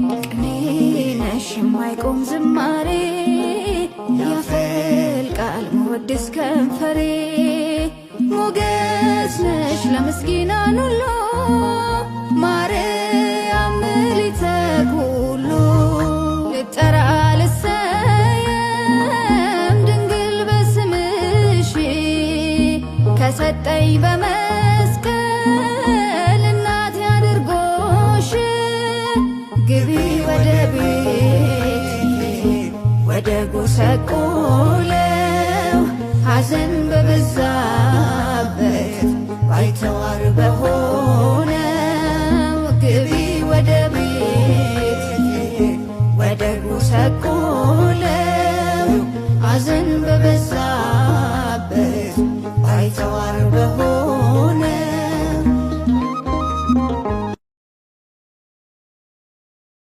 ቅኔነሽ የማይቆም ዝማሬ ያፈልቃል መወድስ ከንፈሬ ሞገስ ነሽ ለምስኪናን ሁሉ ማርያም ምልዕተ ኩሉ ልጠራ ልሰየም ድንግል በስምሽ ከሰጠኝ በመ ግቢ ወደ ቤት ወደ ጎሳቆለው ሐዘን በበዛበት ባይተዋር በሆነው ግቢ ወደ ቤት ወደ ጎሳቆለው ሐዘን በበዛ